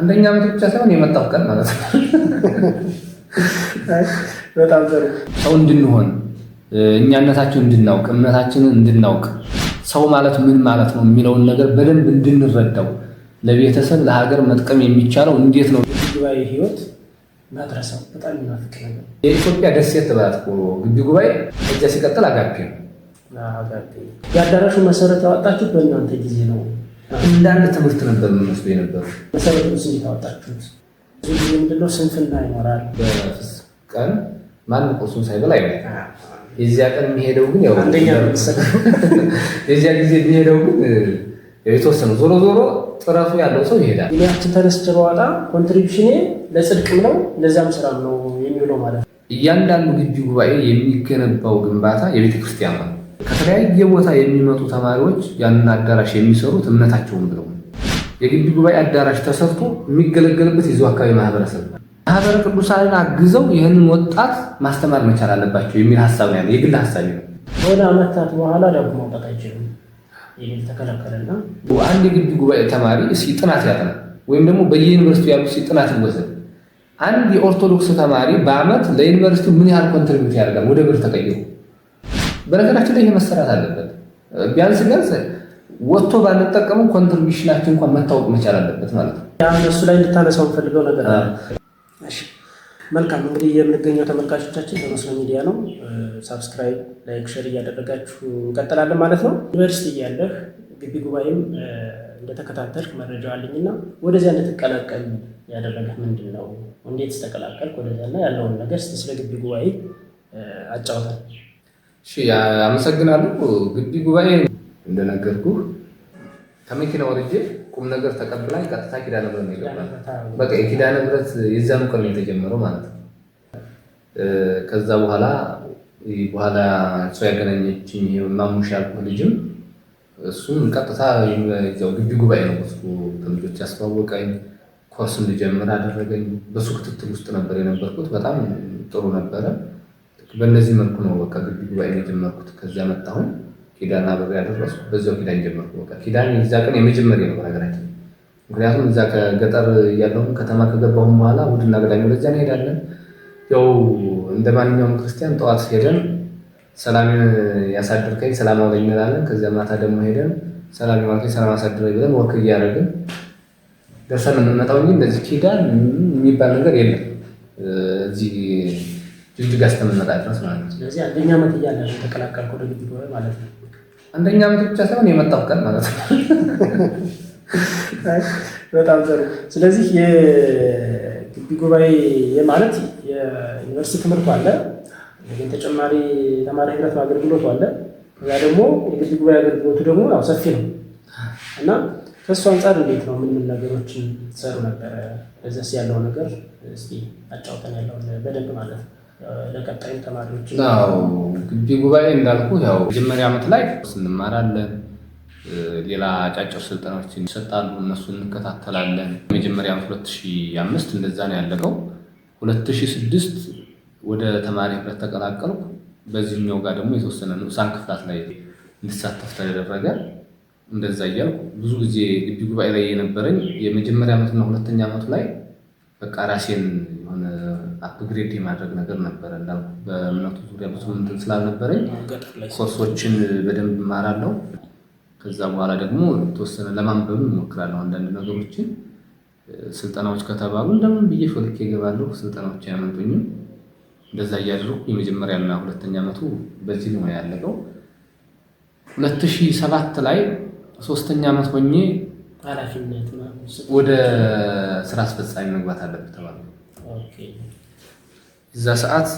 አንደኛ ዓመት ብቻ ሳይሆን የመጣው ቀን ማለት ነው። በጣም ጥሩ ሰው እንድንሆን እኛነታችን እንድናውቅ እምነታችንን እንድናውቅ ሰው ማለት ምን ማለት ነው የሚለውን ነገር በደንብ እንድንረዳው ለቤተሰብ ለሀገር መጥቀም የሚቻለው እንዴት ነው? ጉባኤ ህይወት መድረሰው በጣም ይናፍቅ የኢትዮጵያ ደሴት ባት ግቢ ጉባኤ እጃ ሲቀጥል አጋፔ ነው። የአዳራሹ መሰረት ያወጣችሁ በእናንተ ጊዜ ነው። እንዳንድ ትምህርት ነበር የምንወስዱ የነበሩ መሰረት እዚህ ታወጣችሁት ምንድነው? ስንፍና ይኖራል። ቀን ማንም ቁርሱን ሳይበል ይሆ የዚያ ቀን የሚሄደው ግን አንደኛ የዚያ ጊዜ የሚሄደው ግን የተወሰኑ ዞሮ ዞሮ ጥረቱ ያለው ሰው ይሄዳል። ያችን ተነስቼ በኋላ ኮንትሪቢሽኔ ለጽድቅም ነው ለዚያም ስራም ነው የሚውለው ማለት ነው። እያንዳንዱ ግቢ ጉባኤ የሚገነባው ግንባታ የቤተክርስቲያን ነው። ከተለያየ ቦታ የሚመጡ ተማሪዎች ያንን አዳራሽ የሚሰሩት እምነታቸውን ብለው የግቢ ጉባኤ አዳራሽ ተሰርቶ የሚገለገልበት የዚሁ አካባቢ ማህበረሰብ ማህበረ ቅዱሳንን አግዘው ይህንን ወጣት ማስተማር መቻል አለባቸው የሚል ሀሳብ ነው። የግል ሀሳብ ነው። ከሆነ አመታት በኋላ ደግሞ መውጣት አይችልም የሚል ተከለከለና አንድ የግቢ ጉባኤ ተማሪ እስኪ ጥናት ያጥና ወይም ደግሞ በየዩኒቨርሲቲ ያሉ ጥናት ይወሰድ። አንድ የኦርቶዶክስ ተማሪ በአመት ለዩኒቨርሲቲው ምን ያህል ኮንትሪቢዩት ያደርጋል ወደ ብር ተቀይሮ በነገራችን ላይ መሰራት አለበት። ቢያንስ ቢያንስ ወጥቶ ባንጠቀሙ ኮንትሪቢሽናችን እንኳን መታወቅ መቻል አለበት ማለት ነው። እሱ ላይ እንድታነሳው እንፈልገው ነገር መልካም እንግዲህ የምንገኘው ተመልካቾቻችን በመስሎ ሚዲያ ነው። ሳብስክራይብ፣ ላይክ፣ ሸር እያደረጋችሁ እንቀጥላለን ማለት ነው። ዩኒቨርሲቲ እያለህ ግቢ ጉባኤም እንደተከታተልክ መረጃ አለኝና ወደዚያ እንድትቀላቀል ያደረገህ ምንድን ነው? እንዴት ስተቀላቀልክ ወደዚያና ያለውን ነገር ስለ ግቢ ጉባኤ አጫውታል። አመሰግናለሁ። ግቢ ጉባኤ እንደነገርኩ ከመኪና ወርጄ ቁም ነገር ተቀብላኝ ቀጥታ ኪዳነ ምሕረት ይገባል። በቃ የኪዳነ ምሕረት የዛኑ ቀን ነው የተጀመረው ማለት ነው። ከዛ በኋላ በኋላ እሷ ያገናኘችኝ ማሙሽ ያልኩህ ልጅም እሱም ቀጥታ ግቢ ጉባኤ ነው ስ ከልጆች ያስተዋወቀኝ ኮርስ እንድጀምር አደረገኝ። በሱ ክትትል ውስጥ ነበር የነበርኩት። በጣም ጥሩ ነበረ። በእነዚህ መልኩ ነው በቃ ግቢ ጉባኤ የጀመርኩት። ከዚያ መጣሁን ኪዳን አብሬ ያደረሱ በዚያው ኪዳን ጀመርኩ። በቃ ኪዳን የዛ ቀን የመጀመሪያ ነው በነገራችን። ምክንያቱም እዛ ከገጠር ያለውን ከተማ ከገባሁን በኋላ እሑድና ቅዳሜ ወደዚያ እንሄዳለን። ያው እንደ ማንኛውም ክርስቲያን ጠዋት ሄደን ሰላም ያሳድርከኝ ሰላም አውለኝ እንላለን። ከዚያ ማታ ደግሞ ሄደን ሰላም ያዋልከኝ ሰላም አሳድረኝ ብለን ወክ እያደረግን ደርሰን የምንመጣው እንጂ እንደዚህ ኪዳን የሚባል ነገር የለም እዚህ እጅግ እስከምንመጣ ድረስ ማለት ነው። ስለዚህ አንደኛ ዓመት እያለ ተቀላቀልኩ ወደ ግቢ ማለት ነው። አንደኛ ዓመት ብቻ ሳይሆን የመጣው ቀን ማለት ነው። በጣም ጥሩ። ስለዚህ የግቢ ጉባኤ ማለት የዩኒቨርሲቲ ትምህርቱ አለ፣ ግን ተጨማሪ ተማሪ ህብረት አገልግሎቱ አለ። ከዛ ደግሞ የግቢ ጉባኤ አገልግሎቱ ደግሞ ያው ሰፊ ነው እና ከእሱ አንጻር እንዴት ነው ምን ምን ነገሮችን ትሰሩ ነበረ? በዚያስ ያለው ነገር እስኪ አጫውተን ያለውን በደንብ ማለት ነው። ለቀጣይም ተማሪዎች ግቢ ጉባኤ እንዳልኩ ያው መጀመሪያ ዓመት ላይ እንማራለን። ሌላ አጫጭር ስልጠናዎችን ይሰጣሉ፣ እነሱ እንከታተላለን። መጀመሪያ ዓመት 2005 እንደዛ ነው ያለቀው። 2006 ወደ ተማሪ ህብረት ተቀላቀልኩ። በዚህኛው ጋር ደግሞ የተወሰነ ንዑሳን ክፍላት ላይ እንድሳተፍ ተደረገ። እንደዛ እያልኩ ብዙ ጊዜ ግቢ ጉባኤ ላይ የነበረኝ የመጀመሪያ ዓመትና ሁለተኛ ዓመቱ ላይ በቃ ራሴን የሆነ አፕግሬድ የማድረግ ነገር ነበረ። እንዳልኩ በእምነቱ ዙሪያ ብዙ እንትን ስላልነበረኝ ኮርሶችን በደንብ እማራለሁ። ከዛ በኋላ ደግሞ ተወሰነ ለማንበብ እሞክራለሁ። አንዳንድ ነገሮችን ስልጠናዎች ከተባሉ እንደምን ብዬ ፈልክ እገባለሁ። ስልጠናዎች አያመልጡኝም። እንደዛ እያደረኩ የመጀመሪያና ሁለተኛ ዓመቱ በዚህ ነው ያለቀው። ሁለት ሺህ ሰባት ላይ ሶስተኛ ዓመት ሆኜ ወደ ስራ አስፈጻሚ መግባት አለብህ ተባለ። እዛ ሰዓት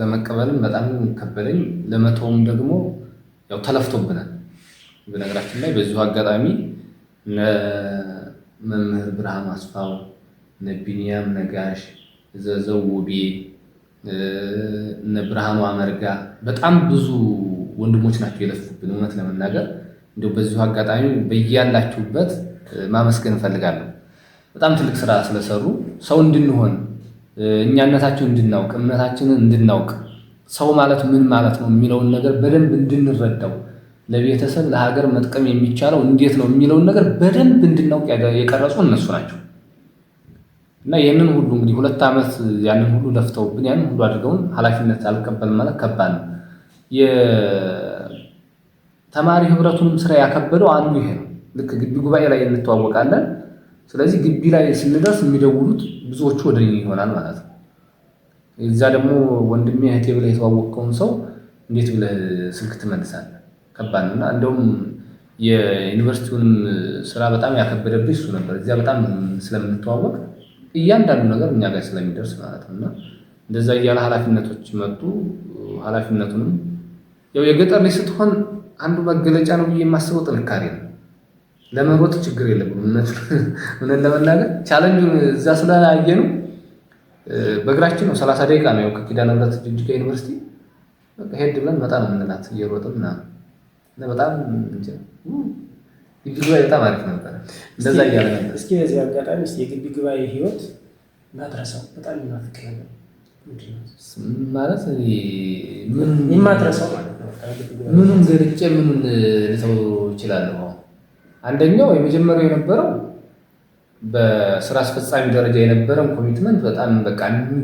ለመቀበልም በጣም ከበደኝ፣ ለመተውም ደግሞ ያው ተለፍቶብናል። በነገራችን ላይ በዚሁ አጋጣሚ መምህር ብርሃኑ አስፋው፣ ነቢንያም ነጋሽ፣ ዘዘውዴ፣ ብርሃኑ አመርጋ በጣም ብዙ ወንድሞች ናቸው የለፉብን። እውነት ለመናገር እንዲሁ በዚሁ አጋጣሚ በያላችሁበት ማመስገን እንፈልጋለሁ። በጣም ትልቅ ስራ ስለሰሩ ሰው እንድንሆን እኛነታችን እንድናውቅ እምነታችንን እንድናውቅ ሰው ማለት ምን ማለት ነው የሚለውን ነገር በደንብ እንድንረዳው ለቤተሰብ ለሀገር መጥቀም የሚቻለው እንዴት ነው የሚለውን ነገር በደንብ እንድናውቅ የቀረጹ እነሱ ናቸው። እና ይህንን ሁሉ እንግዲህ ሁለት ዓመት ያንን ሁሉ ለፍተውብን ያንን ሁሉ አድርገውን ኃላፊነት አልቀበልም ማለት ከባድ ነው። የተማሪ ህብረቱንም ስራ ያከበደው አንዱ ይሄ ነው። ልክ ግቢ ጉባኤ ላይ እንተዋወቃለን። ስለዚህ ግቢ ላይ ስንደርስ የሚደውሉት ብዙዎቹ ወደ እኔ ይሆናል ማለት ነው። እዛ ደግሞ ወንድሜ እህቴ ብለህ የተዋወቅከውን ሰው እንዴት ብለህ ስልክ ትመልሳለህ? ከባድ ነው እና እንደውም የዩኒቨርሲቲውንም ስራ በጣም ያከበደብኝ እሱ ነበር። እዚያ በጣም ስለምንተዋወቅ እያንዳንዱ ነገር እኛ ጋር ስለሚደርስ ማለት ነው እና እንደዛ እያለ ኃላፊነቶች መጡ። ኃላፊነቱንም ያው የገጠር ላይ ስትሆን አንዱ መገለጫ ነው ብዬ የማስበው ጥንካሬ ነው። ለመሮጥ ችግር የለም። እውነት ለመናገር ቻለንጅ እዛ ስላየ ነው። በእግራችን ነው ሰላሳ ደቂቃ ነው ያው ከኪዳነ ምሕረት ጅጅጋ ዩኒቨርሲቲ ሄድ ብለን መጣ ነው የምንላት እየሮጥን እና በጣም ግቢ ጉባኤ በጣም አሪፍ ነበረ። እንደዛ እያለ እስኪ በዚህ አጋጣሚ የግቢ ጉባኤ ህይወት ማትረሳው በጣም የሚናፍቅ ነገር ማለት ምኑን ገርጬ ምኑን ልተው እችላለሁ አንደኛው የመጀመሪያው የነበረው በስራ አስፈጻሚ ደረጃ የነበረን ኮሚትመንት በጣም በቃ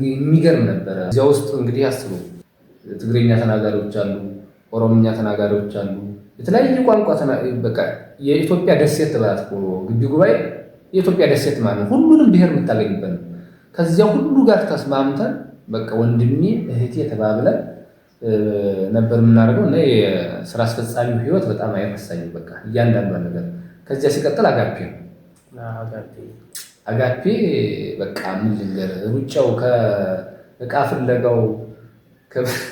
የሚገርም ነበረ። እዚያ ውስጥ እንግዲህ አስቡ ትግርኛ ተናጋሪዎች አሉ፣ ኦሮምኛ ተናጋሪዎች አሉ፣ የተለያዩ ቋንቋ በቃ የኢትዮጵያ ደሴት ትበላት ግቢ ጉባኤ የኢትዮጵያ ደሴት ማለት ነው። ሁሉንም ብሔር የምታገኝበት ነው። ከዚያ ሁሉ ጋር ተስማምተን በቃ ወንድሜ እህቴ ተባብለን ነበር የምናደርገው እና የስራ አስፈጻሚው ህይወት በጣም አይረሳኝም። በቃ እያንዳንዷ ነገር ከዚያ ሲቀጥል አጋፒ ነው። አጋፒ በቃ ምን ልንገርህ፣ ሩጫው ከእቃ ፍለጋው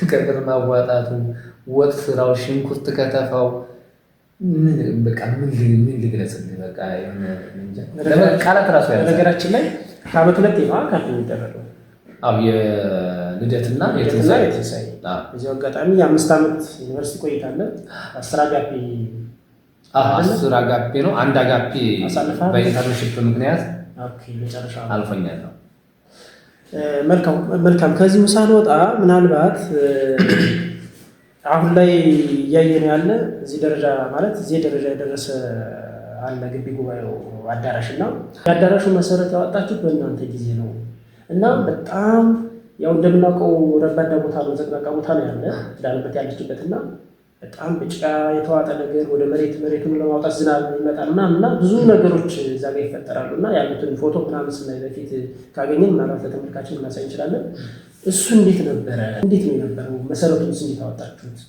ከብር ማዋጣቱ፣ ወጥ ስራው፣ ሽንኩርት ከተፋው በቃ ምን ልግለጽልህ? በቃ ቃላት ራሱ ያለ ነገራችን ላይ ከአመት ሁለት ነው አጋፔ የሚደረገው የልደትና የትንሣኤ። እዚ አጋጣሚ የአምስት ዓመት ዩኒቨርሲቲ ቆይታለን አስር አጋፔ አስር አጋፔ ነው። አንድ አጋፔ በኢንተርንሽፕ ምክንያት አልፎኛል ነው። መልካም። ከዚህ ከዚሁ ሳንወጣ ምናልባት አሁን ላይ እያየን ያለ እዚህ ደረጃ ማለት እዚህ ደረጃ የደረሰ አለ ግቢ ጉባኤው አዳራሽ እና የአዳራሹ መሰረት ያወጣችሁት በእናንተ ጊዜ ነው እና በጣም ያው እንደምናውቀው ረባዳ ቦታ ነው፣ ዘቅዘቃ ቦታ ነው ያለ ዳለበት ያለችበት እና በጣም በጭቃ የተዋጠ ነገር ወደ መሬት መሬቱን ለማውጣት ዝናብ ይመጣል እና ብዙ ነገሮች እዛ ጋር ይፈጠራሉ እና ያሉትን ፎቶ ምናምን ስናይ በፊት ካገኘን ምናልባት ለተመልካችን ልናሳይ እንችላለን። እሱ እንዴት ነበረ? እንዴት ነው የነበረው? መሰረቱ እንዴት አወጣችሁት?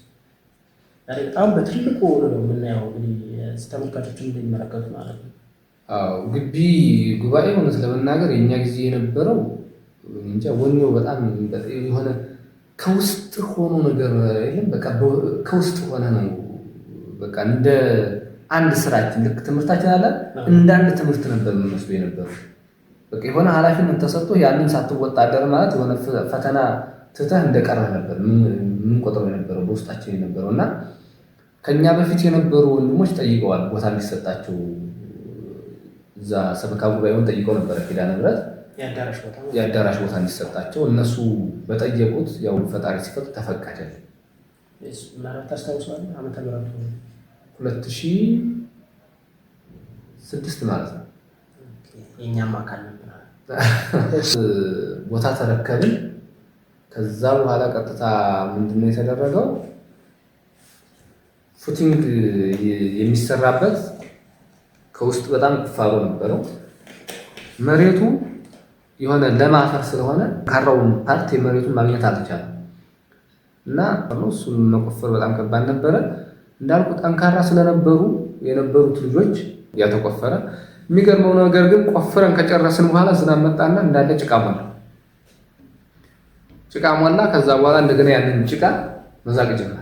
በጣም በትልቁ ነው የምናየው እንግዲህ ተመልካቾችን እንደሚመለከቱ ማለት ነው። አዎ ግቢ ጉባኤ እውነት ለመናገር የእኛ ጊዜ የነበረው እንጃ ወኔው በጣም የሆነ ከውስጥ ሆኖ ነገር የለም። በቃ ከውስጥ ሆነ ነው። በቃ እንደ አንድ ስራችን ልክ ትምህርታችን አለ እንደ አንድ ትምህርት ነበር የምንወስዱ የነበሩ በቃ የሆነ ኃላፊነት ተሰጥቶ ያንን ሳትወጣደር ማለት የሆነ ፈተና ትተህ እንደቀረህ ነበር የምንቆጥረው የነበረው በውስጣችን የነበረው እና ከእኛ በፊት የነበሩ ወንድሞች ጠይቀዋል ቦታ እንዲሰጣቸው እዛ ሰበካ ጉባኤውን ጠይቀው ነበረ ኪዳነ ምሕረት የአዳራሽ ቦታ እንዲሰጣቸው እነሱ በጠየቁት ያው ፈጣሪ ሲፈቅድ ተፈቀደ። ሁለት ሺህ ስድስት ማለት ነው። የእኛም አካል ቦታ ተረከብን። ከዛ በኋላ ቀጥታ ምንድነው የተደረገው? ፉቲንግ የሚሰራበት ከውስጥ በጣም ቁፋሮ ነበረው መሬቱ የሆነ ለማፈር ስለሆነ ካራውን ፓርት የመሬቱን ማግኘት አልቻለም። እና እሱም መቆፈር በጣም ከባድ ነበረ። እንዳልኩ ጠንካራ ስለነበሩ የነበሩት ልጆች ያተቆፈረ የሚገርመው ነገር ግን ቆፍረን ከጨረስን በኋላ ዝናብ መጣና እንዳለ ጭቃ ሞላ። ጭቃ ሞላ። ከዛ በኋላ እንደገና ያንን ጭቃ መዛቅ ጀመር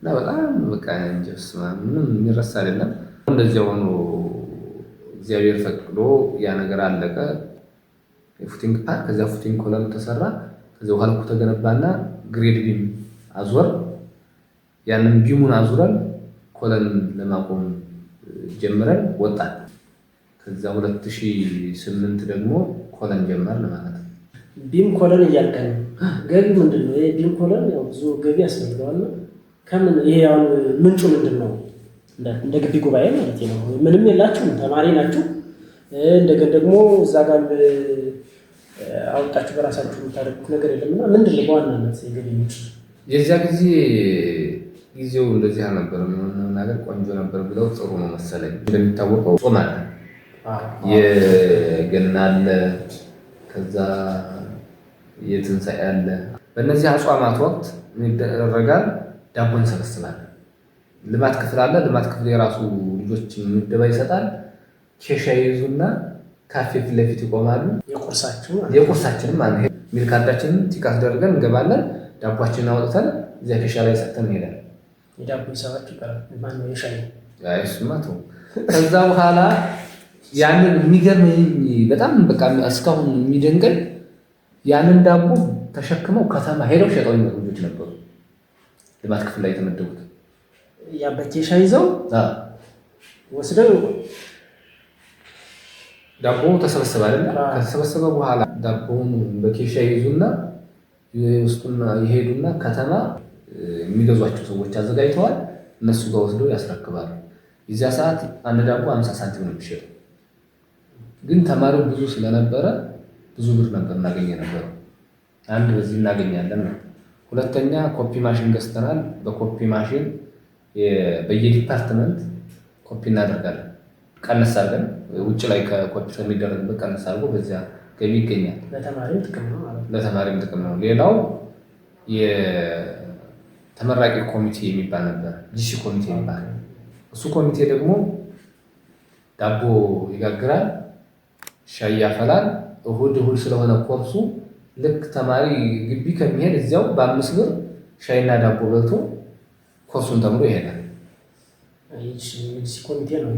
እና በጣም በቃ እንጀስ ምንም የሚረሳ አይደለም። እንደዚያ ሆኖ እግዚአብሔር ፈቅዶ ያ ነገር አለቀ። የፉቲንግ ፓር ከዚያ ፉቲንግ ኮለም ተሰራ። ከዚያ ውሃ ልኩ ተገነባና ግሬድ ቢም አዞር ያንን ቢሙን አዙረን ኮለን ለማቆም ጀምረን ወጣን። ከዛ 2008 ደግሞ ኮለን ጀመርን ማለት ነው። ቢም ኮለን እያልከን ገቢ ምንድን ነው? ቢም ኮለን ያው ብዙ ገቢ ያስፈልገዋል። ከምን ይሄ ምንጩ ምንድን ነው? እንደ ግቢ ጉባኤ ማለት ነው። ምንም የላችሁም ተማሪ ናችሁ እንደገና ደግሞ እዛ ጋር አወጣችሁ በራሳችሁ የምታደርጉት ነገር የለም እና ምንድን ነው በዋናነት የገቢ ምንጭ? የዚያ ጊዜ ጊዜው እንደዚህ አልነበረም። ነገር ቆንጆ ነበር ብለው ጥሩ ነው መሰለኝ። እንደሚታወቀው ጾም አለ፣ የገና አለ፣ ከዛ የትንሣኤ አለ። በእነዚህ አጽዋማት ወቅት ይደረጋል፣ ዳቦ እንሰበስባለን። ልማት ክፍል አለ። ልማት ክፍል የራሱ ልጆች ምደባ ይሰጣል። ኬሻ ይዙና ካፌ ፊት ለፊት ይቆማሉ። የቁርሳችንም አ ሚል ካርዳችንን ቲካስ ደርገን እንገባለን። ዳቧችንን አውጥተን እዚያ ኬሻ ላይ ሰጥተን እንሄዳለን። ከዛ በኋላ ያንን የሚገርመኝ በጣም በቃ እስካሁን የሚደንቀኝ ያንን ዳቦ ተሸክመው ከተማ ሄደው ሸጠው ልጆች ነበሩ። ልማት ክፍል ላይ የተመደቡት ያ በኬሻ ይዘው ወስደው ዳቦ ተሰበሰበ አይደለ? ከተሰበሰበ በኋላ ዳቦውን በኬሻ ይዙና ውስጡና የሄዱና ከተማ የሚገዟቸው ሰዎች አዘጋጅተዋል። እነሱ ጋር ወስደው ያስረክባሉ። የዚያ ሰዓት አንድ ዳቦ አምሳ ሳንቲም ነው የሚሸጠው። ግን ተማሪው ብዙ ስለነበረ ብዙ ብር ነበር እናገኘ ነበረው። አንድ በዚህ እናገኛለን ነው። ሁለተኛ ኮፒ ማሽን ገዝተናል። በኮፒ ማሽን በየዲፓርትመንት ኮፒ እናደርጋለን። ቀነስ አድርገን ውጭ ላይ ከኮምፒውተር የሚደረግበት ቀነስ አድርጎ በዚያ ገቢ ይገኛል። ለተማሪም ጥቅም ነው። ሌላው የተመራቂ ኮሚቴ የሚባል ነበር፣ ጂሲ ኮሚቴ የሚባል እሱ ኮሚቴ ደግሞ ዳቦ ይጋግራል፣ ሻይ ያፈላል። እሁድ እሁድ ስለሆነ ኮርሱ ልክ ተማሪ ግቢ ከሚሄድ እዚያው በአምስት ብር ሻይና ዳቦ በልቶ ኮርሱን ተምሮ ይሄዳል። ኤጅሲ ኮሚቴ ነው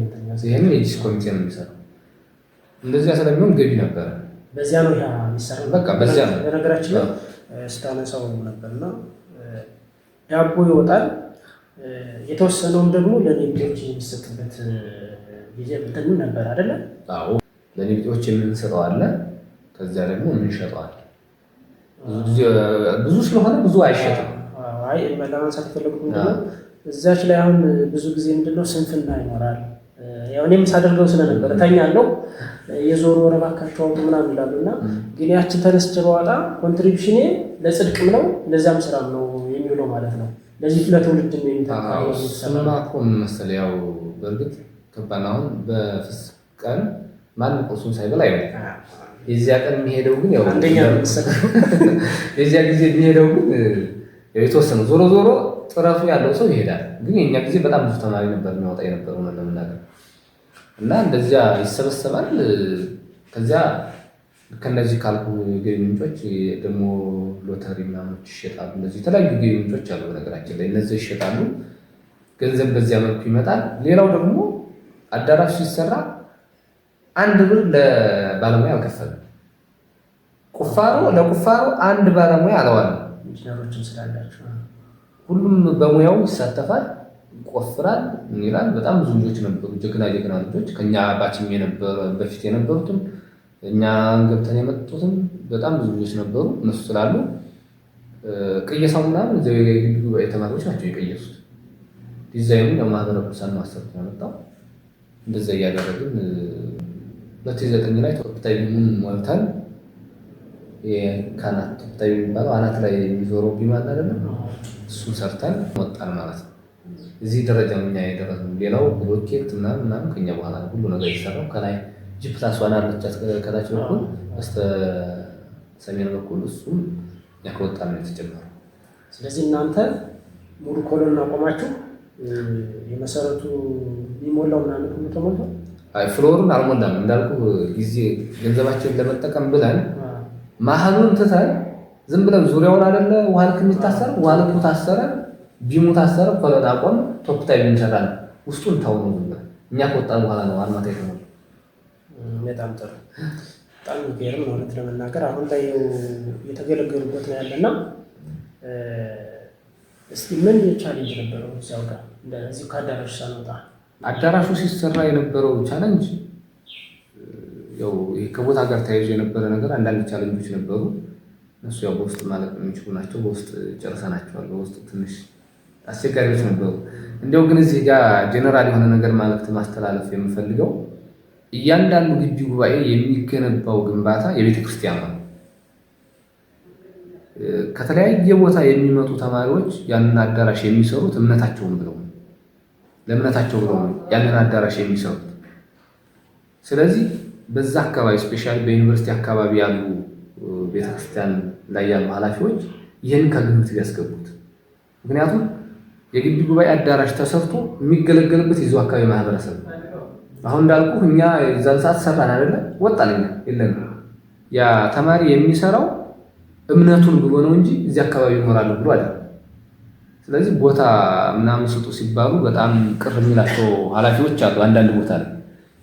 ኮሚቴ ነው የሚሰራው። እንደዚያ ስለሚሆን ገቢ ነበረ። በዚያ ነው የሚሰራው። በቃ በዚያ ነው በነገራችን ላይ ስታነሳው ነበርና ዳቦ ይወጣል። የተወሰነውም ደግሞ ለኔብጤዎች የሚሰጥበት ጊዜ ነበር አይደለ? አዎ ለኔብጤዎች የምንሰጠው አለ። ከዚያ ደግሞ የምንሸጠዋል። ብዙ ስለሆነ ብዙ አይሸጥም። አይ ለማንሳት የፈለጉት እዛች ላይ አሁን ብዙ ጊዜ ምንድነው ስንፍና ይኖራል። ያው እኔም ሳደርገው ስለነበር ተኛለው የዞሩ ወረባ ካቸው ምናምን ይላሉ እና ግን ያችን ተነስቼ በኋላ ኮንትሪቢሽኔ ለጽድቅም ነው ለዚያም ስራም ነው የሚውለው ማለት ነው። ለዚህ ለትውልድ የሚሰማ እኮ መሰለህ ያው በእርግጥ ከባድ በፍስ ቀን ማንም ቁርሱን ሳይበላ አይበል። የዚያ ቀን የሚሄደው ግን ያው አንደኛ የዚያ ጊዜ የሚሄደው ግን የተወሰነ ዞሮ ዞሮ ጥረቱ ያለው ሰው ይሄዳል። ግን የኛ ጊዜ በጣም ብዙ ተማሪ ነበር የሚያወጣ የነበረ ነው ለምናገር እና እንደዚያ ይሰበሰባል። ከዚያ ከእነዚህ ካልኩ ገቢ ምንጮች ደግሞ ሎተሪ ምናምኖች ይሸጣሉ። እነዚህ የተለያዩ ገቢ ምንጮች አሉ። በነገራችን ላይ እነዚህ ይሸጣሉ፣ ገንዘብ በዚያ መልኩ ይመጣል። ሌላው ደግሞ አዳራሽ ሲሰራ አንድ ብር ለባለሙያ አልከፈልም። ቁፋሮ ለቁፋሮ አንድ ባለሙያ አለዋለ ኢንጂነሮችን ስላላቸው ሁሉም በሙያው ይሳተፋል፣ ይቆፍራል፣ ይላል። በጣም ብዙ ልጆች ነበሩ፣ ጀግና ጀግና ልጆች ከኛ ባችም በፊት የነበሩትም እኛ ገብተን የመጡትም በጣም ብዙ ልጆች ነበሩ። እነሱ ስላሉ ቅየሳው ምናምን የግቢ ጉባኤ ናቸው የቀየሱት። ዲዛይኑ ለማህበረ ቅዱሳን ማሰብ ያመጣው እንደዛ እያደረግን ሁለት ዘጠኝ ላይ ተወቅታዊ ምን ሞልታል ከአናት ቱታ የሚባለው አናት ላይ የሚዞረው ቢማል አይደለም፣ እሱ ሰርተን ወጣን ማለት ነው። እዚህ ደረጃ እኛ የደረስነው ሌላው ብሎኬት ምናምን ምናምን ከኛ በኋላ ሁሉ ነገር የተሰራው ከላይ ጂ ፕላስ ዋን ከታች በኩል በስተ ሰሜን በኩል እሱም እኛ ከወጣን ነው የተጀመረው። ስለዚህ እናንተ ሙሉ ኮሎን አቆማችሁ የመሰረቱ የሚሞላው ምናምን ሁሉ ተሞልቷል። ፍሎሩን አልሞላም እንዳልኩ ጊዜ ገንዘባችንን ለመጠቀም ብለን ማህሉን ትተን ዝም ብለን ዙሪያውን አደለ ውሃ ልክ የሚታሰር ውሃ ልኩ ታሰረ፣ ቢሙ ታሰረ፣ ኮለን አቆም ቶፕታይ ብንሰራል ውስጡን ታው ነው እኛ ከወጣን በኋላ ነው አልማት የተመ በጣም ጥሩ በጣም ገርም እውነት ለመናገር አሁን ላይ የተገለገሉበት ነው ያለና እስቲ ምን ቻሌንጅ ነበረው እዚያው ጋር እንደዚህ ከአዳራሹ ሳንወጣ አዳራሹ ሲሰራ የነበረው ቻለንጅ ያው ከቦታ ጋር ተያይዞ የነበረ ነገር አንዳንድ ቻለንጆች ነበሩ። እነሱ ያው በውስጥ ማለት የሚችሉ ናቸው። በውስጥ ጨርሰናቸዋል። በውስጥ ትንሽ አስቸጋሪዎች ነበሩ። እንዲያው ግን እዚህ ጋር ጀነራል የሆነ ነገር ማለት ማስተላለፍ የምፈልገው እያንዳንዱ ግቢ ጉባኤ የሚገነባው ግንባታ የቤተ ክርስቲያን ነው። ከተለያየ ቦታ የሚመጡ ተማሪዎች ያንን አዳራሽ የሚሰሩት እምነታቸውን ብለው ለእምነታቸው ብለው ያንን አዳራሽ የሚሰሩት ስለዚህ በዛ አካባቢ ስፔሻሊ በዩኒቨርሲቲ አካባቢ ያሉ ቤተክርስቲያን ላይ ያሉ ኃላፊዎች ይህን ከግምት ያስገቡት። ምክንያቱም የግቢ ጉባኤ አዳራሽ ተሰርቶ የሚገለገልበት የዚሁ አካባቢ ማህበረሰብ ነው። አሁን እንዳልኩ እኛ ዛን ሰዓት ሰራን አይደለ? ወጣለኛ የለን። ያ ተማሪ የሚሰራው እምነቱን ብሎ ነው እንጂ እዚህ አካባቢ ይኖራለሁ ብሎ አይደለም። ስለዚህ ቦታ ምናምን ስጡ ሲባሉ በጣም ቅር የሚላቸው ኃላፊዎች አሉ አንዳንድ ቦታ ላይ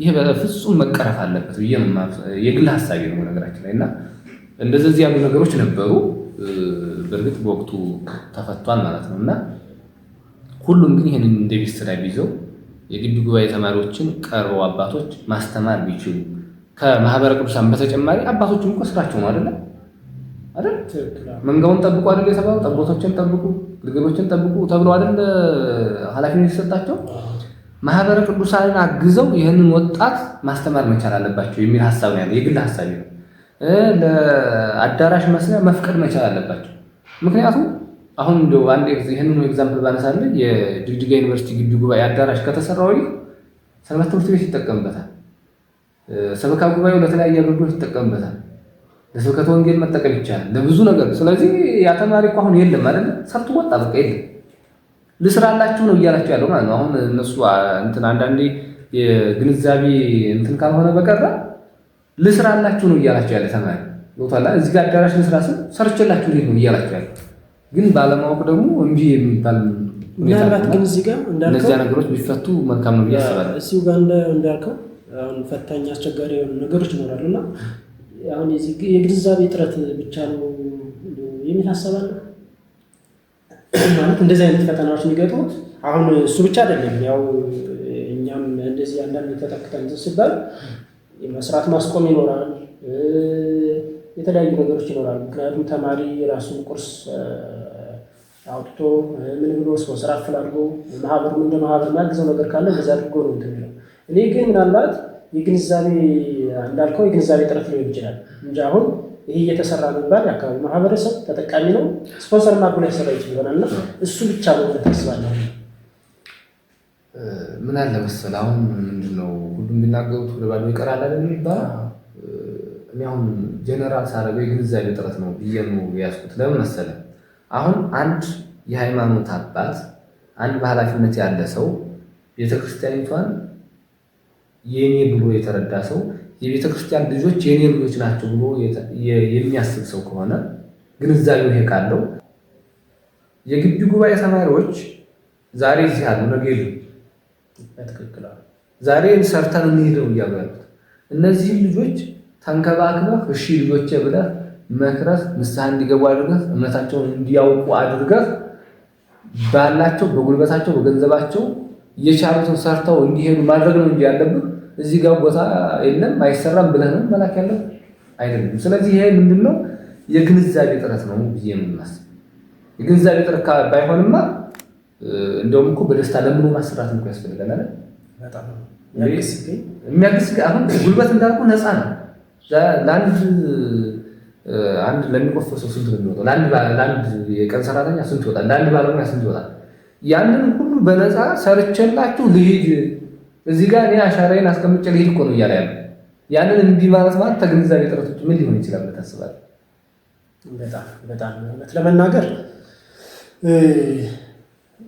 ይሄ በፍጹም መቀረፍ አለበት ብዬ የግል ሀሳቢ ነው ነገራችን ላይ እና እንደዚህ ያሉ ነገሮች ነበሩ። በእርግጥ በወቅቱ ተፈቷል ማለት ነው እና ሁሉም ግን ይህንን እንደ ቤት ስራ ቢይዘው የግቢ ጉባኤ ተማሪዎችን ቀርበው አባቶች ማስተማር ቢችሉ ከማህበረ ቅዱሳን በተጨማሪ አባቶችም እኮ ስራቸው ነው አይደለም አይደል? መንጋውን ጠብቁ አይደል የተባለው ጠቦቶችን ጠብቁ፣ ግልገሎችን ጠብቁ ተብሎ አይደል ኃላፊነት የተሰጣቸው ማህበረ ቅዱሳንን አግዘው ይህንን ወጣት ማስተማር መቻል አለባቸው የሚል ሀሳብ ነው የግል ሀሳቢ ነው። ለአዳራሽ መስሪያ መፍቀድ መቻል አለባቸው። ምክንያቱም አሁን እንደው አንድ ይህንኑ ኤግዛምፕል ባነሳለ የጅግጅጋ ዩኒቨርሲቲ ግቢ ጉባኤ አዳራሽ ከተሰራ ወዲህ ሰንበት ትምህርት ቤት ይጠቀምበታል። ሰበካ ጉባኤው ለተለያየ አገልግሎት ይጠቀምበታል። ለስብከተ ወንጌል መጠቀም ይቻላል፣ ለብዙ ነገር። ስለዚህ ያ ተማሪ እኮ አሁን የለም አይደለ? ሰርቶ ወጣ፣ በቃ የለም ልስራላችሁ ነው እያላችሁ ያለው ማለት ነው። አሁን እነሱ እንትን አንዳንዴ የግንዛቤ እንትን ካልሆነ በቀረ ልስራላችሁ ነው እያላችሁ ያለ ተማሪ ሎታላ እዚህ ጋር አዳራሽ ልስራ ስም ሰርችላችሁ ነው እያላችሁ ያለ ግን ባለማወቅ ደግሞ እንጂ የሚባል ምናልባት ግን እዚህ ጋር እንዳልከው እነዚያ ነገሮች ቢፈቱ መልካም ነው ብዬ አስባለሁ። እዚሁ ጋር እንዳልከው አሁን ፈታኝ አስቸጋሪ የሆኑ ነገሮች ይኖራሉ እና አሁን የግንዛቤ እጥረት ብቻ ነው የሚል ሀሳብ አለ ማለት እንደዚህ አይነት ፈተናዎች የሚገጥሙት አሁን እሱ ብቻ አይደለም። ያው እኛም እንደዚህ አንዳንድ ተጠቅተን ሲባል መስራት ማስቆም ይኖራል፣ የተለያዩ ነገሮች ይኖራሉ። ምክንያቱም ተማሪ የራሱን ቁርስ አውጥቶ ምን ብሎ ሰው ስራ አፈላልጎ ማህበሩ እንደ ማህበር ማግዘው ነገር ካለ በዛ አድርጎ ነው እንትን የሚለው። እኔ ግን ምናልባት የግንዛቤ እንዳልከው የግንዛቤ ጥረት ሊሆን ይችላል እንጂ አሁን ይሄ እየተሰራ የሚባል የአካባቢ ማህበረሰብ ተጠቃሚ ነው። ስፖንሰር ማርኩ ላይ ሰራ ይችል ይሆናል እሱ ብቻ ነው ታስባለሁ። ምን አለ መሰል አሁን ምንድነው ሁሉም የሚናገሩት ወደ ባዶ ይቀራል አይደል የሚባለው። እኔ አሁን ጀነራል ሳረገው የግንዛቤ ጥረት ነው ብዬ ነው የያዝኩት። ለምን መሰለ አሁን አንድ የሃይማኖት አባት አንድ በኃላፊነት ያለ ሰው ቤተክርስቲያኒቷን የኔ ብሎ የተረዳ ሰው የቤተ ክርስቲያን ልጆች የኔ ልጆች ናቸው ብሎ የሚያስብ ሰው ከሆነ ግንዛቤው ይሄ ካለው የግቢ ጉባኤ ተማሪዎች ዛሬ እዚህ አሉ፣ ነገ የሉ። ዛሬ ሰርተን እንሄደው እያሉ ያሉት ልጆች ተንከባክበህ፣ እሺ ልጆች ብለህ መክረህ፣ ንስሐ እንዲገቡ አድርገህ፣ እምነታቸውን እንዲያውቁ አድርገህ ባላቸው፣ በጉልበታቸው፣ በገንዘባቸው የቻሉትን ሰርተው እንዲሄዱ ማድረግ ነው እንጂ ያለብህ እዚህ ጋር ቦታ የለም አይሰራም ብለህ ነው መላክ ያለው አይደለም። ስለዚህ ይሄ ምንድን ነው የግንዛቤ ጥረት ነው ብዬ የምናስ የግንዛቤ ጥረት ባይሆንማ እንደውም እኮ በደስታ ለምኖ ማሰራት እኮ ያስፈልገናል። የሚያግስ አሁን ጉልበት እንዳልኩ ነፃ ነው። ለአንድ አንድ ሰው ስንት የሚወጣው ለአንድ የቀን ሰራተኛ ስንት ይወጣል? ለአንድ ባለሙያ ስንት ይወጣል? ያንን ሁሉ በነፃ ሰርቼላችሁ ልሂድ እዚህ ጋር እኔ አሻራዬን አስቀምጬ ልሄድ እኮ ነው እያለ ያለው ያንን እንዲህ ማለት ማለት ተግንዛቤ ጥረቶች ምን ሊሆን ይችላል ብለህ ታስባለህ? በጣም በጣም እውነት ለመናገር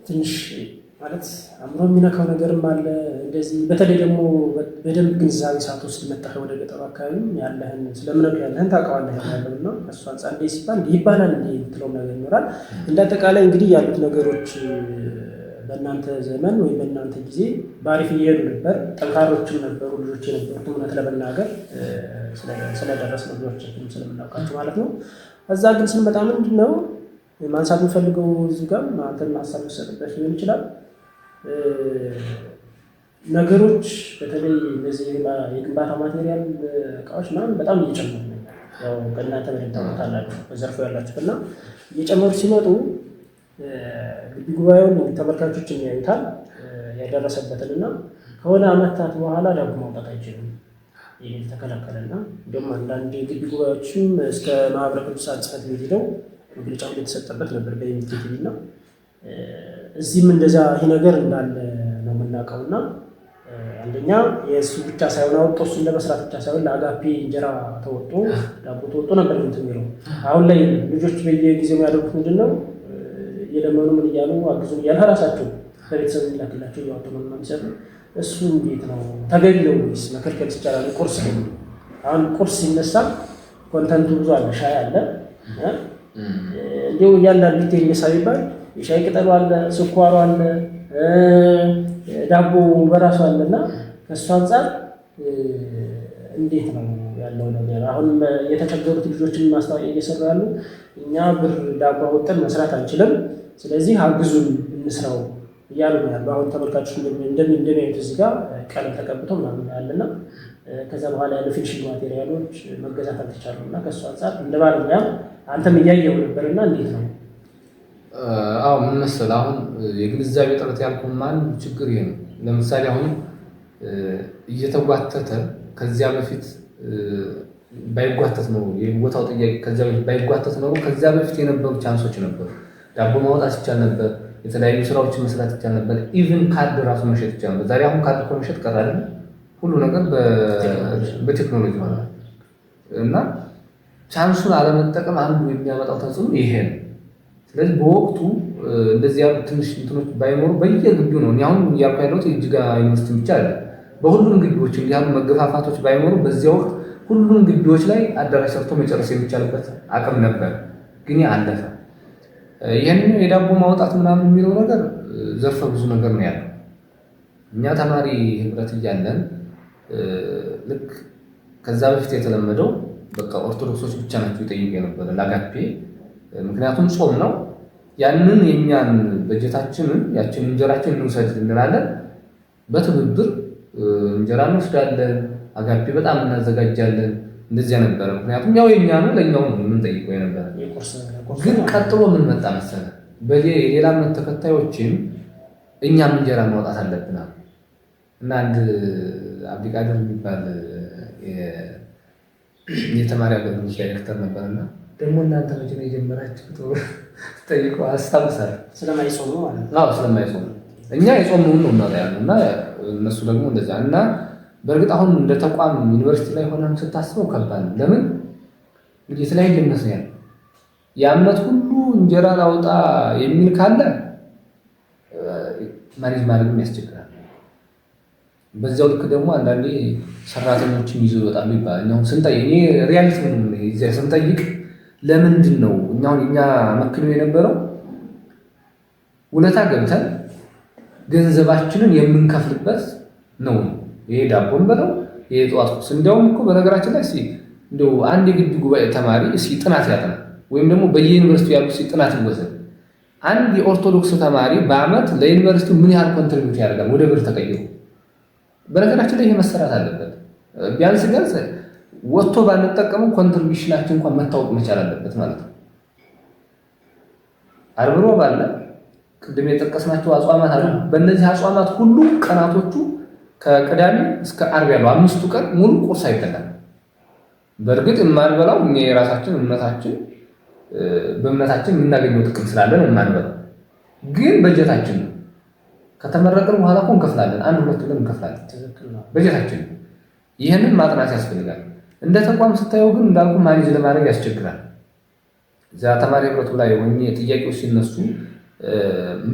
ትንሽ ማለት አእምሮ የሚነካው ነገርም አለ። እንደዚህ በተለይ ደግሞ በደንብ ግንዛቤ ሳትወስድ መጣህ ወደ ገጠሩ አካባቢ ያለህን ስለምነዱ ያለህን ታውቀዋለህ ያለው እና እሱ አንጻር እንደ ሲባል ይባላል የምትለውም ነገር ይኖራል። እንደ አጠቃላይ እንግዲህ ያሉት ነገሮች በእናንተ ዘመን ወይም በእናንተ ጊዜ በአሪፍ እየሄዱ ነበር። ጠንካሮችም ነበሩ ልጆች የነበሩት እውነት ለመናገር ስለደረስ ነገሮችም ስለምናውቃቸው ማለት ነው። እዛ ግን ስንመጣ ምንድን ነው ማንሳት የምፈልገው እዚህ ጋር አንተን ሀሳብ ሰጥበት ሊሆን ይችላል ነገሮች በተለይ እነዚህ የግንባታ ማቴሪያል እቃዎች ምናምን በጣም እየጨመሩ ነው። ያው ከእናንተ በደምታወታላችሁ በዘርፎ ያላችሁ እና እየጨመሩ ሲመጡ ግቢ ጉባኤውን ተመልካቾች የሚያዩታል ያደረሰበትን እና ከሆነ አመታት በኋላ ዳግሞ ማውጣት አይችልም የሚል ተከለከለና እንዲሁም አንዳንድ የግቢ ጉባኤዎችም እስከ ማህበረ ቅዱሳን ጽሕፈት ቤት ሄደው መግለጫ የተሰጠበት ነበር በኢሚቴቲቭ እና እዚህም እንደዛ ይህ ነገር እንዳለ ነው የምናውቀው እና አንደኛ የእሱ ብቻ ሳይሆን አወጦ እሱን ለመስራት ብቻ ሳይሆን ለአጋፔ እንጀራ ተወጦ ዳቦ ተወጦ ነበር ምትሚለው አሁን ላይ ልጆች በየጊዜው ያደርጉት ምንድን ነው እየለመኑ ምን እያሉ አግዙ እያሉ ከራሳቸው ከቤተሰብ የሚላክላቸው እያወጡ ምን የሚሰጡ እሱ እንዴት ነው ተገቢ ነው ወይስ መከልከል ይቻላል? ቁርስ አሁን ቁርስ ሲነሳ ኮንተንቱ ብዙ አለ። ሻይ አለ፣ እንዲሁ እያንዳንዱ ቤት የሚነሳ ይባል የሻይ ቅጠሉ አለ፣ ስኳሩ አለ፣ ዳቦ በራሱ አለ እና ከእሱ አንጻር እንዴት ነው ያለው ነገር? አሁን የተቸገሩት ልጆችን ማስታወቂያ እየሰሩ ያሉ እኛ ብር ዳቦ አውጥተን መስራት አንችልም ስለዚህ አግዙን እንስራው እያሉ ነው ያሉ። አሁን ተመልካቾች እንደሚያዩት እዚህ ጋር ቀለም ተቀብቶ ምናምን ያለና ከዛ በኋላ ያሉ ፊኒሽንግ ማቴሪያሎች መገዛት አልተቻሉ እና ከእሱ አንጻር እንደ ባለሙያ አንተም እያየው እና እንዴት ነው? አዎ ምን መሰለህ አሁን የግንዛቤ ጥረት ያልኩህም አንድ ችግር ይሄ ነው። ለምሳሌ አሁን እየተጓተተ ከዚያ በፊት ባይጓተት ነው ቦታው ጥያቄ ከዚያ በፊት ባይጓተት ነው ከዚያ በፊት የነበሩ ቻንሶች ነበሩ ዳቦ ማውጣት ይቻል ነበር። የተለያዩ ስራዎችን መስራት ይቻል ነበር። ኢቭን ካርድ ራሱ መሸጥ ይቻል ነበር። ዛሬ አሁን ካርድ እኮ መሸጥ ቀራል። ሁሉ ነገር በቴክኖሎጂ ሆነ እና ቻንሱን አለመጠቀም አንዱ የሚያመጣው ተጽዕኖ ይሄ ነው። ስለዚህ በወቅቱ እንደዚህ ያሉ ትንሽ እንትኖች ባይኖሩ በየግቢው ነው አሁን እያልኩ ያለሁት የጅጋ ዩኒቨርሲቲ ብቻ አለ። በሁሉም ግቢዎች እንዲህ ያሉ መገፋፋቶች ባይኖሩ በዚያ ወቅት ሁሉም ግቢዎች ላይ አዳራሽ ሰርቶ መጨረስ የሚቻልበት አቅም ነበር፣ ግን አለፈ። ይህንን የዳቦ ማውጣት ምናምን የሚለው ነገር ዘርፈ ብዙ ነገር ነው ያለው። እኛ ተማሪ ህብረት እያለን ልክ ከዛ በፊት የተለመደው በቃ ኦርቶዶክሶች ብቻ ናቸው ይጠይቅ የነበረ ላጋፔ። ምክንያቱም ጾም ነው። ያንን የእኛን በጀታችንን ያችን እንጀራችን እንውሰድ እንላለን። በትብብር እንጀራ እንወስዳለን። አጋፔ በጣም እናዘጋጃለን። እንደዚያ ነበረ። ምክንያቱም ያው የኛ ነው ምን ጠይቆ የነበረ። ግን ቀጥሎ ምን መጣ መሰለ፣ በሌላ እምነት ተከታዮችም እኛም እንጀራ ማውጣት አለብና እና አንድ አብዲቃድር የሚባል የተማሪ ያለ ዳይሬክተር ነበርና ደግሞ እናንተ መቼ ነው የጀመራችሁ ጠይቆ አስታውሳለሁ። ስለማይጾሙ ማለት ነው። ስለማይጾሙ እኛ የጾሙን ነው እናውጣ እና እነሱ ደግሞ እንደዚያ እና በእርግጥ አሁን እንደ ተቋም ዩኒቨርሲቲ ላይ ሆነን ስታስበው ከባድ ነው። ለምን እንግዲህ የተለያየ እምነት ነው ያለው። የእምነት ሁሉ እንጀራ ላውጣ የሚል ካለ ማኔጅ ማድረግም ያስቸግራል። በዚያው ልክ ደግሞ አንዳንዴ ሰራተኞችን ይዞ ይወጣሉ ይባላል። አሁን ስንጠይቅ እኔ ሪያሊቲ ዚያ ስንጠይቅ ለምንድን ነው እኛሁን እኛ መክኖ የነበረው ውለታ ገብተን ገንዘባችንን የምንከፍልበት ነው ይሄ ዳቦን በለው ይሄ ጠዋት ቁርስ። እንዲያውም እኮ በነገራችን ላይ እንደው አንድ የግቢ ጉባኤ ተማሪ እስኪ ጥናት ያጥና ወይም ደግሞ በየዩኒቨርሲቲ ያሉ እስኪ ጥናት ይወሰድ። አንድ የኦርቶዶክስ ተማሪ በአመት ለዩኒቨርሲቲ ምን ያህል ኮንትሪቢዩት ያደርጋል ወደ ብር ተቀይሮ። በነገራችን ላይ ይሄ መሰራት አለበት። ቢያንስ ቢያንስ ወጥቶ ባንጠቀሙ ኮንትሪቢሽናችን እንኳን መታወቅ መቻል አለበት ማለት ነው። አርብሮ ባለ ቅድም የጠቀስናቸው አጽዋማት አሉ። በእነዚህ አጽዋማት ሁሉ ቀናቶቹ ከቅዳሜ እስከ ዓርብ ያለው አምስቱ ቀን ሙሉ ቁርስ አይበላም። በእርግጥ የማንበላው እኛ የራሳችን እምነታችን በእምነታችን የምናገኘው ጥቅም ስላለን የማንበላው ግን በጀታችን ነው። ከተመረቅን በኋላ እኮ እንከፍላለን፣ አንድ ሁለት ብለን እንከፍላለን። በጀታችን ነው። ይህንን ማጥናት ያስፈልጋል። እንደ ተቋም ስታየው ግን እንዳልኩ ማኔጅ ለማድረግ ያስቸግራል። እዚያ ተማሪ ህብረቱ ላይ ሆኜ ጥያቄዎች ሲነሱ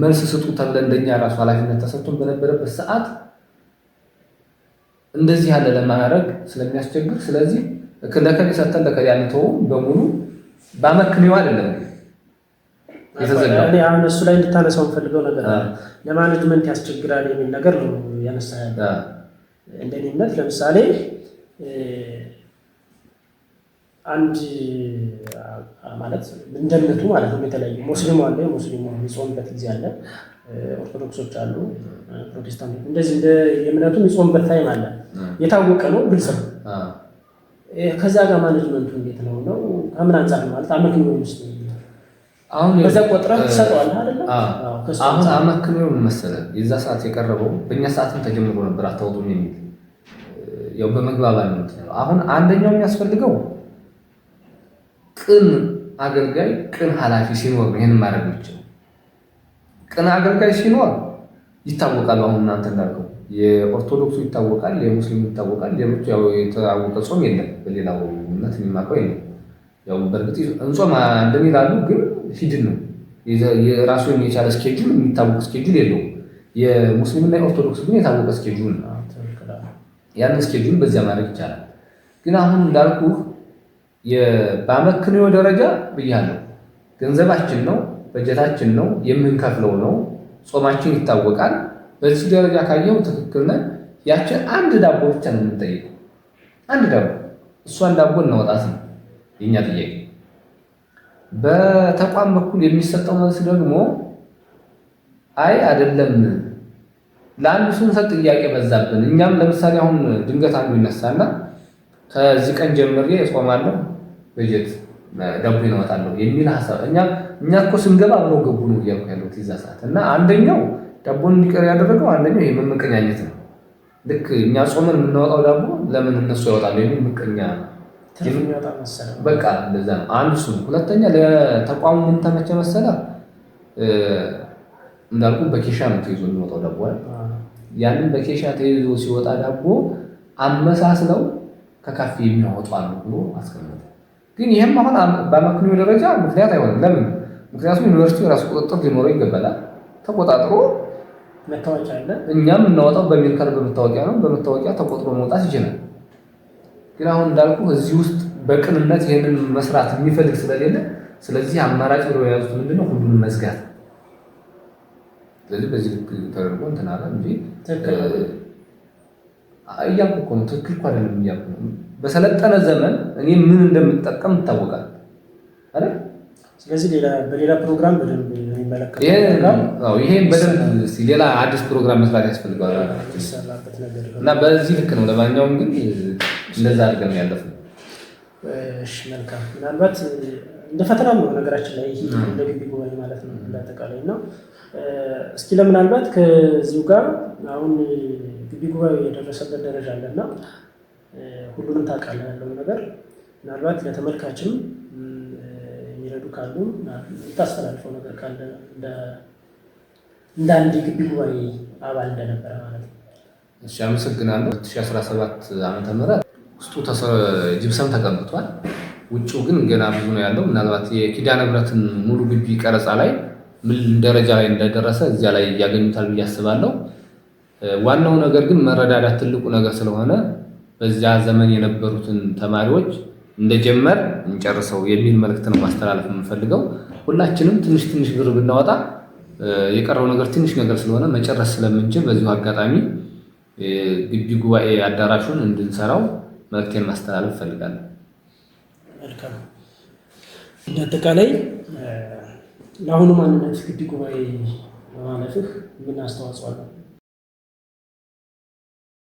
መልስ ስጡ ተብለን እንደኛ ራሱ ኃላፊነት ተሰጥቶን በነበረበት ሰዓት እንደዚህ ያለ ለማድረግ ስለሚያስቸግር፣ ስለዚህ ለከሌ ሰተን ለከሌ ያልተው በሙሉ ባመክንዮ አይደለም የተዘጋው። አሁን እሱ ላይ እንድታነሳው ፈልገው ነገር ለማኔጅመንት ያስቸግራል የሚል ነገር ነው ያነሳ ያለ እንደኔ እምነት ለምሳሌ አንድ ማለት እንደምነቱ ማለት ነው የተለያዩ ሙስሊሙ አለ ሙስሊሙ የሚጾምበት ጊዜ አለ ኦርቶዶክሶች አሉ፣ ፕሮቴስታንት እንደዚህ እንደ የእምነቱ የሚጾምበት ታይም አለ። የታወቀ ነው፣ ግልጽ ነው። ከዛ ጋር ማኔጅመንቱ እንዴት ነው ነው ከምን አንጻር ማለት አመክንዮ ውስጥ አሁን በዛ ቆጥረህ ትሰጠዋለህ አይደለ? አሁን የዛ ሰዓት የቀረበው በእኛ ሰዓትም ተጀምሮ ነበር አታውጡም የሚል ያው በመግባባት ነው። አሁን አንደኛው የሚያስፈልገው ቅን አገልጋይ፣ ቅን ኃላፊ ሲኖር ይህን ማድረግ ነው። ቅን አገልጋይ ሲኖር ይታወቃል። አሁን እናንተ እንዳልከው የኦርቶዶክሱ ይታወቃል፣ የሙስሊሙ ይታወቃል። ሌሎች ያው የተዋወቀ ጾም የለም፣ በሌላው እምነት የሚማቀው የለም። ያው በእርግጥ እንጾም እንደሚላሉ ግን ሂድን ነው የራሱን የቻለ ስኬጁል የሚታወቅ ስኬጁል የለው። የሙስሊምና የኦርቶዶክስ ግን የታወቀ ስኬጁል ነው። ያንን ስኬጁል በዚያ ማድረግ ይቻላል። ግን አሁን እንዳልኩ በአመክንዮ ደረጃ ብያለሁ፣ ገንዘባችን ነው በጀታችን ነው የምንከፍለው ነው። ጾማችን ይታወቃል። በዚህ ደረጃ ካየው ትክክል ነን። ያችን አንድ ዳቦ ብቻ ነው የምንጠይቀው። አንድ ዳቦ እሷን ዳቦ እናወጣት ነው የእኛ ጥያቄ። በተቋም በኩል የሚሰጠው መልስ ደግሞ አይ አይደለም፣ ለአንዱ ስንሰጥ ጥያቄ በዛብን። እኛም ለምሳሌ አሁን ድንገት አንዱ ይነሳና ከዚህ ቀን ጀምሬ እጾማለሁ በጀት ደቡ ይመጣለሁ የሚል ሀሳብ እኛ እኛ እኮ ስንገባ አብረው ገቡ ነው እያልኩ ያለው ትዛ ሰዓት እና አንደኛው ዳቦ እንዲቀር ያደረገው አንደኛው ይህ መመቀኛኘት ነው። ልክ እኛ ጾምን የምናወጣው ዳቦ ለምን እነሱ ያወጣሉ የሚል ምቀኛ በቃ እንደዛ ነው። አንዱ እሱ ነው። ሁለተኛ ለተቋሙ ምን ተመቸ መሰለህ? እንዳልኩ በኬሻ ነው ተይዞ የሚወጣው ዳቦ አይደል? ያንን በኬሻ ተይዞ ሲወጣ ዳቦ አመሳስለው ከካፌ የሚያወጡ አሉ ብሎ አስቀመጠ። ግን ይህም አሁን በመክኒው ደረጃ ምክንያት አይሆንም። ለምን? ምክንያቱም ዩኒቨርሲቲው የራሱ ቁጥጥር ሊኖረው ይገባላል። ተቆጣጥሮ መታወቂያ እኛም እናወጣው በሚልካል በመታወቂያ ነው። በመታወቂያ ተቆጥሮ መውጣት ይችላል። ግን አሁን እንዳልኩ እዚህ ውስጥ በቅንነት ይህንን መስራት የሚፈልግ ስለሌለ፣ ስለዚህ አማራጭ ብለው የያዙት ምንድነው ሁሉም መዝጋት። ስለዚህ በዚህ ልክ ተደርጎ እንትን አለ እንጂ እያልኩ እኮ ነው። ትክክል እኮ አይደለም እያልኩ ነው። በሰለጠነ ዘመን እኔ ምን እንደምጠቀም ይታወቃል ስለዚህ ሌላ በሌላ ፕሮግራም በደንብ ይሄን በደንብ ሌላ አዲስ ፕሮግራም መስራት ያስፈልገዋል እና በዚህ ልክ ነው። ለማንኛውም ግን እንደዛ አድርገን ያለፍ ነው። እሺ መልካም። ምናልባት እንደ ፈተና ነው ነገራችን ላይ ይሄ እንደ ግቢ ጉባኤ ማለት ነው እንዳጠቃላይ ነው። እስኪ ለምናልባት ከዚሁ ጋር አሁን ግቢ ጉባኤ የደረሰበት ደረጃ አለና ሁሉንም ታውቃለህ ያለውን ነገር ምናልባት ለተመልካችም የሚረዱ ካሉ የምታስተላልፈው ነገር ካለ እንደ አንድ የግቢ ጉባኤ አባል እንደነበረ ማለት ነው። እሺ፣ አመሰግናለሁ። 2017 ዓመተ ምህረት ውስጡ ጅብሰም ተቀብቷል። ውጭው ግን ገና ብዙ ነው ያለው። ምናልባት የኪዳነ ምሕረትን ሙሉ ግቢ ቀረጻ ላይ ምን ደረጃ ላይ እንደደረሰ እዚያ ላይ ያገኙታል ብዬ አስባለሁ። ዋናው ነገር ግን መረዳዳት ትልቁ ነገር ስለሆነ በዚያ ዘመን የነበሩትን ተማሪዎች እንደጀመር እንጨርሰው የሚል መልእክት ነው ማስተላለፍ የምንፈልገው። ሁላችንም ትንሽ ትንሽ ብር ብናወጣ የቀረው ነገር ትንሽ ነገር ስለሆነ መጨረስ ስለምንችል በዚሁ አጋጣሚ ግቢ ጉባኤ አዳራሹን እንድንሰራው መልእክቴን ማስተላለፍ እፈልጋለሁ። እንደ አጠቃላይ ለአሁኑ ማንነት ግቢ ጉባኤ በማለፍህ ምን አስተዋጽኦ አለው?